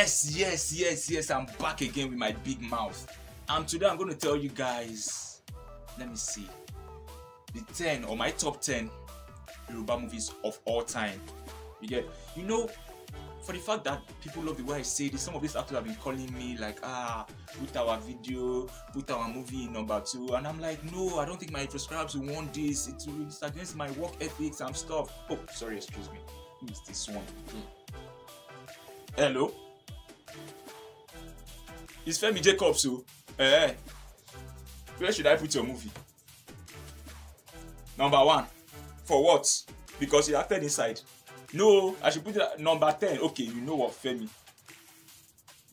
Yes, yes, yes, yes, I'm back again with my big mouth. And today I'm going to tell you guys, let me see, the 10 or my top 10 Yoruba movies of all time. You get, you know, for the fact that people love the way I say this, some of these actors have been calling me like, ah, put our video, put our movie in number two. And I'm like, no, I don't think my subscribers will want this. It's, against my work ethics and stuff. Oh, sorry, excuse me. Who is this one? Hmm. Hello? it's Femi Jacobs o eh where should I put your movie number one for what because he acted inside no I should put it number ten okay you know what Femi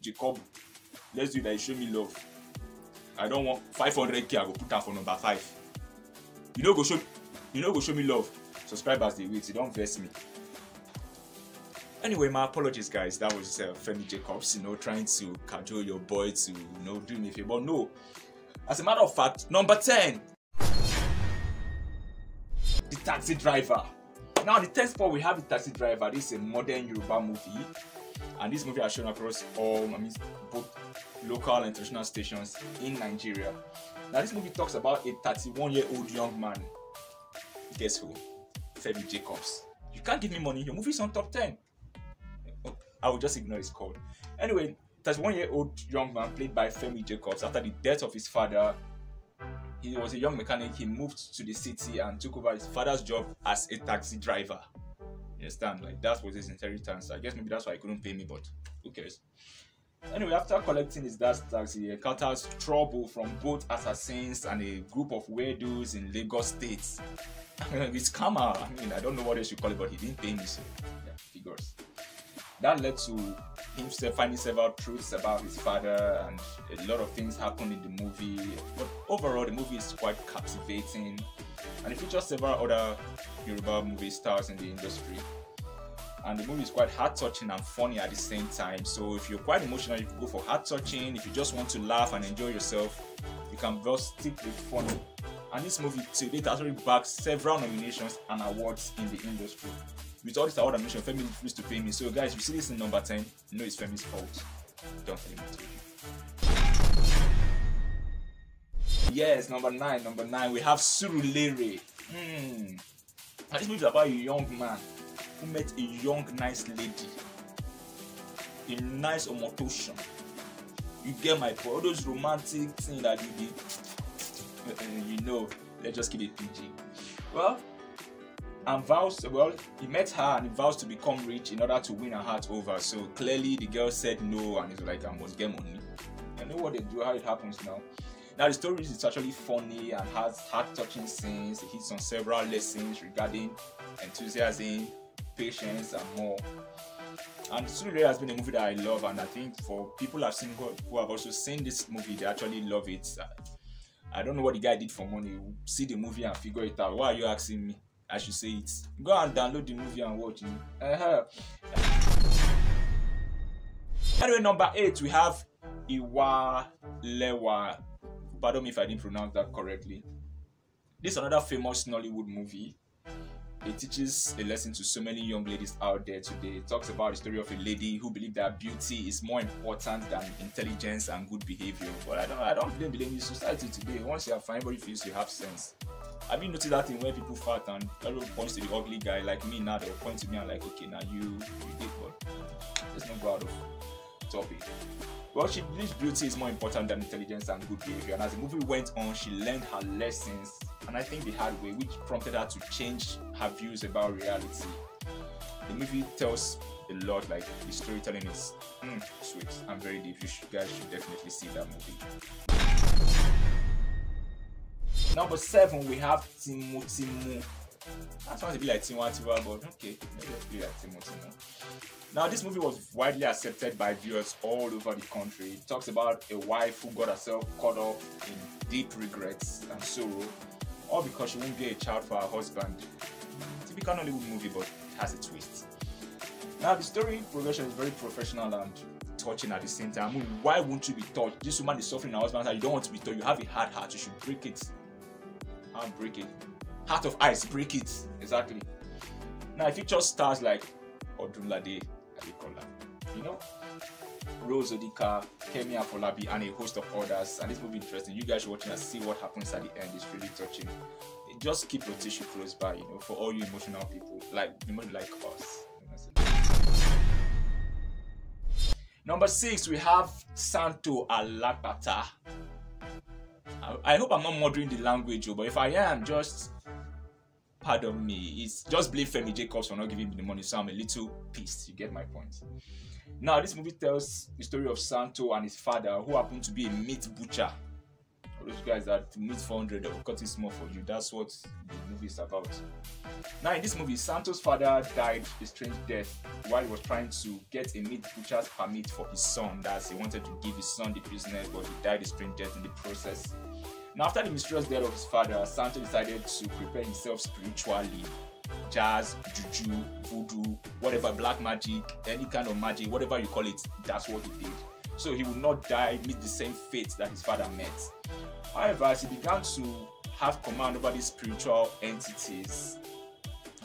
Jacob let's do that. like show me love I don't want five hundred k I go put that for number five you know go show you know go show me love subscribers dey wait e Don't vex me Anyway, my apologies, guys. That was uh, Femi Jacobs, you know, trying to cajole your boy to, you know, do me a favor. No, as a matter of fact, number 10, the taxi driver. Now, the tenth for we have the taxi driver. This is a modern Yoruba movie, and this movie has shown across all, I mean, both local and international stations in Nigeria. Now, this movie talks about a 31 year old young man. Guess who? Femi Jacobs. You can't give me money. Your movie's on top 10. I will just ignore his call. Anyway, one year old young man played by Femi Jacobs, after the death of his father, he was a young mechanic. He moved to the city and took over his father's job as a taxi driver. You understand? Like, that was his inheritance. I guess maybe that's why he couldn't pay me, but who cares? Anyway, after collecting his dad's taxi, he encounters trouble from both assassins and a group of weirdos in Lagos State. it's karma. I mean, I don't know what else you call it, but he didn't pay me, so yeah, figures that led to him finding several truths about his father, and a lot of things happened in the movie. But overall, the movie is quite captivating, and it features several other Yoruba movie stars in the industry. And the movie is quite heart touching and funny at the same time. So if you're quite emotional, you can go for heart touching. If you just want to laugh and enjoy yourself, you can just stick with funny. And this movie to date has already bagged several nominations and awards in the industry. With all this award ambition, Femi refused to pay me. So guys, you see this in number 10, you know it's Femi's fault. Don't pay it. Yes, number 9, number 9, we have Surulere. Hmm. And this movie is about a young man who met a young, nice lady. A nice omotoshan. You get my point. All those romantic things that you did, eh, eh, you know, let's just keep it PG. Well, and vows, well, he met her and he vows to become rich in order to win her heart over. So clearly the girl said no and he's like, I must get money. I know what they do, how it happens now. Now the story is actually funny and has heart-touching scenes. It hits on several lessons regarding enthusiasm, patience, and more. And Surire has been a movie that I love, and I think for people have seen who have also seen this movie, they actually love it. I don't know what the guy did for money. see the movie and figure it out. Why are you asking me? I should say it. Go and download the movie and watch it. Uh-huh. Anyway, number eight, we have Iwa Lewa. Pardon me if I didn't pronounce that correctly. This is another famous Nollywood movie. It teaches a lesson to so many young ladies out there today. It talks about the story of a lady who believed that beauty is more important than intelligence and good behavior. But I don't I don't blame blame you. Society today, once you are fine, everybody feels you have sense. Have you noticed that thing where people fat and everyone points to the ugly guy like me now? They'll point to me and like, okay, now you, you did but Let's not go out of topic. Well, she believes beauty is more important than intelligence and good behavior. And as the movie went on, she learned her lessons, and I think the hard way, which prompted her to change her views about reality. The movie tells a lot, like the storytelling is mm, sweet and very deep. You guys should definitely see that movie. Number seven, we have Timu Timu. That sounds a bit like Timu but okay, maybe a bit like Timu Timu. Now, this movie was widely accepted by viewers all over the country. It talks about a wife who got herself caught up in deep regrets and sorrow, all because she won't get a child for her husband. Typical Nollywood movie, but it has a twist. Now, the story progression is very professional and touching at the same time. I mean, why won't you be touched? This woman is suffering her husband, and you don't want to be touched. You have a hard heart, you should break it break it. Heart of Ice, break it. Exactly. Now, if it just stars like Odunlade Adekola, you know, Rose Odika, Kemi Afolabi, and a host of others. And this movie interesting. You guys watching us and see what happens at the end. It's really touching. Just keep your tissue close by, you know, for all you emotional people, like even like us. Number six, we have Santo Alapata. I hope I'm not murdering the language, oh, but if I am, just pardon me. It's just blame Femi Jacobs for not giving me the money, so I'm a little pissed. You get my point. Now, this movie tells the story of Santo and his father, who happened to be a meat butcher. those guys that meat 400 they will cut it small for you, that's what the movie is about. Now, in this movie, Santo's father died a strange death while he was trying to get a meat butcher's permit for his son. That he wanted to give his son the business, but he died a strange death in the process. Now, after the mysterious death of his father, Santo decided to prepare himself spiritually jazz, juju, voodoo, whatever, black magic, any kind of magic, whatever you call it, that's what he did. So he would not die, meet the same fate that his father met. However, as he began to have command over these spiritual entities,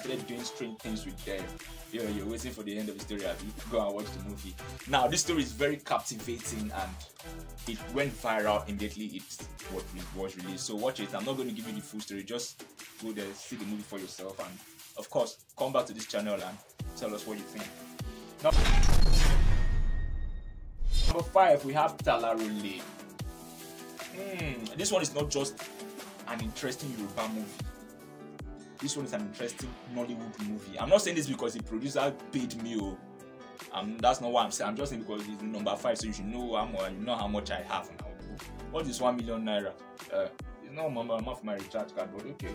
started doing strange things with them. You're, you're waiting for the end of the story, Go and watch the movie. Now, this story is very captivating and it went viral immediately. It was released. So watch it. I'm not going to give you the full story. Just go there, see the movie for yourself, and of course, come back to this channel and tell us what you think. Now, number five, we have Talarole. Hmm, this one is not just an interesting Yoruba movie this one is an interesting Nollywood movie. I'm not saying this because the producer paid me. Oh, um, that's not what I'm saying. I'm just saying because it's number five, so you should know how much, you know how much I have now. What is one million naira? Uh, it's not my month my recharge card, but okay.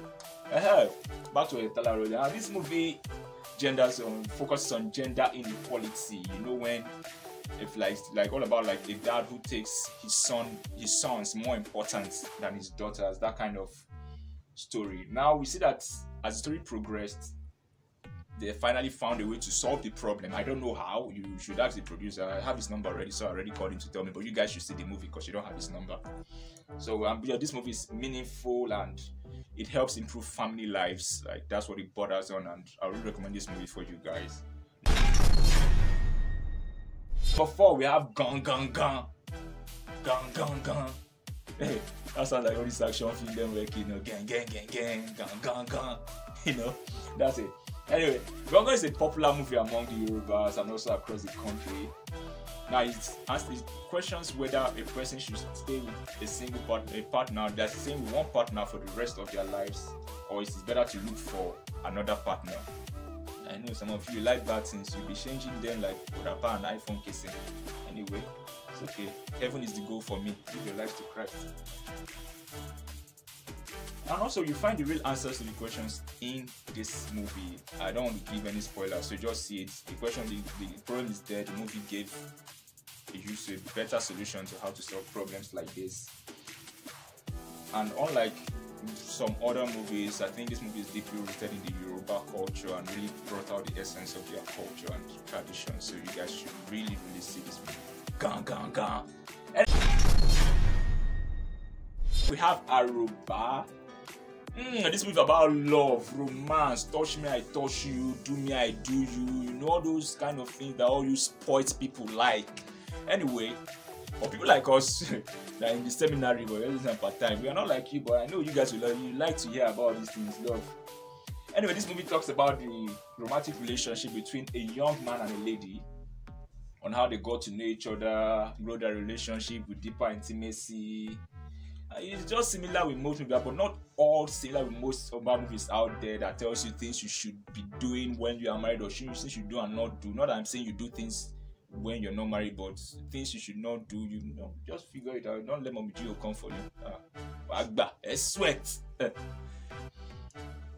Uh-huh. Back to Etala this movie genders um, focuses on gender inequality. You know when if like like all about like a dad who takes his son his sons more important than his daughters that kind of story. Now we see that as the story progressed, they finally found a way to solve the problem. I don't know how. You should ask the producer. I have his number already, so I already called him to tell me. But you guys should see the movie because you don't have his number. So um, yeah, this movie is meaningful and it helps improve family lives. Like that's what it borders on, and I would recommend this movie for you guys. Before we have Gun Gun Gun, Gun Gun Gun. Hey that sounds like all these action film them working kid, you know, gang, gang, gang, gang, gang, gang, gang. You know, that's it. Anyway, Gongo is a popular movie among the Yorubas and also across the country. Now, it asks it questions whether a person should stay with a single part, a partner that's staying with one partner for the rest of their lives, or it is better to look for another partner. I know some of you like bad things, you'll be changing them like Odapa and iPhone casing. Anyway, it's okay. Heaven is the goal for me. Give your life to Christ. And also, you find the real answers to the questions in this movie. I don't want to give any spoilers, so just see it. The question, the, the problem is there. The movie gave a a better solution to how to solve problems like this. And unlike some other movies, I think this movie is deeply rooted in the Yoruba culture and really brought out the essence of their culture and tradition. So you guys should really, really see this movie. And we have Aruba. Mm, this movie about love, romance, touch me, I touch you, do me, I do you, you know, those kind of things that all you sports people like. Anyway, for people like us that in the seminary or everything part time, we are not like you, but I know you guys will love, you like to hear about these things, love. Anyway, this movie talks about the romantic relationship between a young man and a lady on how they got to know each other, grow their relationship with deeper intimacy. it's just similar with most movies, but not all similar with most urban movies out there that tells you things you should be doing when you are married or things you should do and not do. Not that I'm saying you do things when you're not married, but things you should not do, you know, just figure it out. Don't let Mommy Gio come for you. Uh, ah, Agba, I sweat.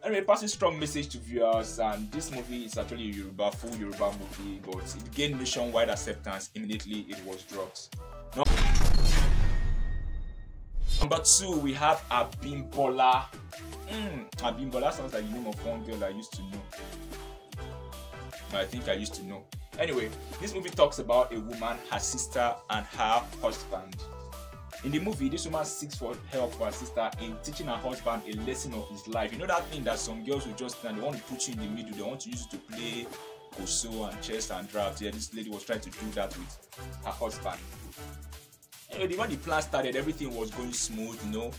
anyway, passing strong message to viewers, and this movie is actually a Yoruba, full Yoruba movie, but it gained nationwide acceptance immediately it was dropped. No Number two, we have Abimbola. Mm, Abimbola sounds like the name of one girl I used to know. I think I used to know. Anyway, this movie talks about a woman, her sister, and her husband. In the movie, this woman seeks for help for her sister in teaching her husband a lesson of his life. You know that thing that some girls will just stand, they want to put you in the middle, they want to use you to play koso and chess and drafts. Yeah, this lady was trying to do that with her husband. Anyway, when the plan started, everything was going smooth, you know.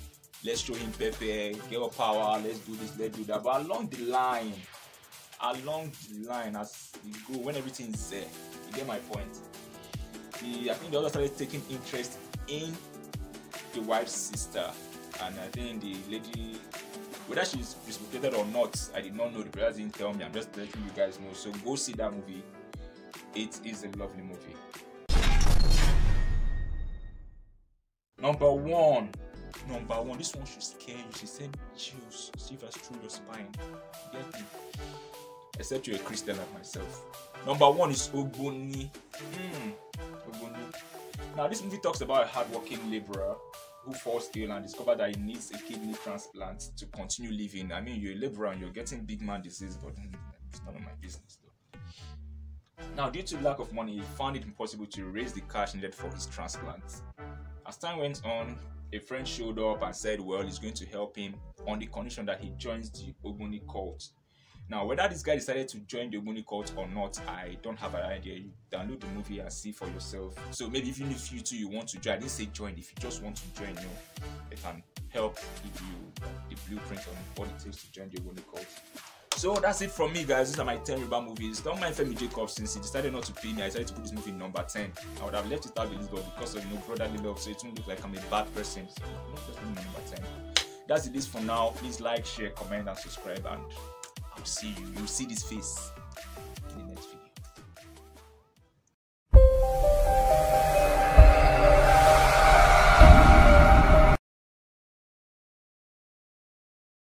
Let's show him Pepe, her power, let's do this, let's do that. But along the line, along the line, as you go, when everything's there, you get my point. The, I think the other started taking interest in the wife's sister, and I think the lady, whether she's precipitated or not, I did not know. The brothers didn't tell me. I'm just letting you guys know. So go see that movie. It is a lovely movie. Number one. Number one, this one should scare you. She said chills, shivers through your spine. Get it? Except you're a Christian like myself. Number one is Ogoni. Mm. Now, this movie talks about a hardworking laborer who falls ill and discover that he needs a kidney transplant to continue living. I mean, you're a liberal and you're getting big man disease, but mm, it's none of my business though. Now, due to lack of money, he found it impossible to raise the cash needed for his transplant. As time went on, a friend showed up and said, well, he's going to help him on the condition that he joins the Ogoni cult now, whether this guy decided to join the Omoni cult or not, I don't have an idea. You download the movie and see for yourself. So maybe even if you too you want to join, I didn't say join. If you just want to join, you know, they can help give you the blueprint on what it takes to join the Omoni cult. So that's it from me, guys. These are my 10 Reba movies. Don't mind Femi Jacob since he decided not to pay me. I decided to put this movie number 10. I would have left it out a little but because of you know brotherly love, so it won't look like I'm a bad person. So not just number 10. That's it. This for now. Please like, share, comment, and subscribe. And see you. You see this face.